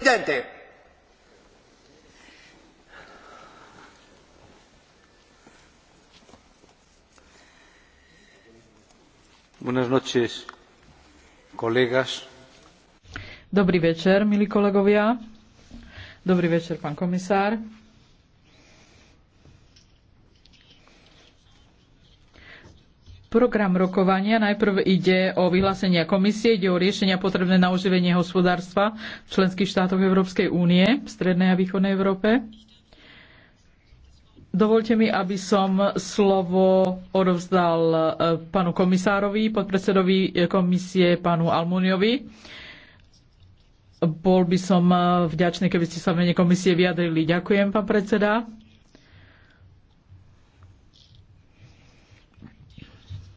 Presidente. Buenas noches, colegas. Dobrý večer, milí kolegovia. Dobrý večer, pán komisár. Program rokovania najprv ide o vyhlásenia komisie, ide o riešenia potrebné na oživenie hospodárstva v členských štátoch Európskej únie, v strednej a východnej Európe. Dovolte mi, aby som slovo odovzdal e, pánu komisárovi, podpredsedovi e, komisie, pánu Almuniovi. Bol by som e, vďačný, keby ste sa v mene komisie vyjadrili. Ďakujem, pán predseda.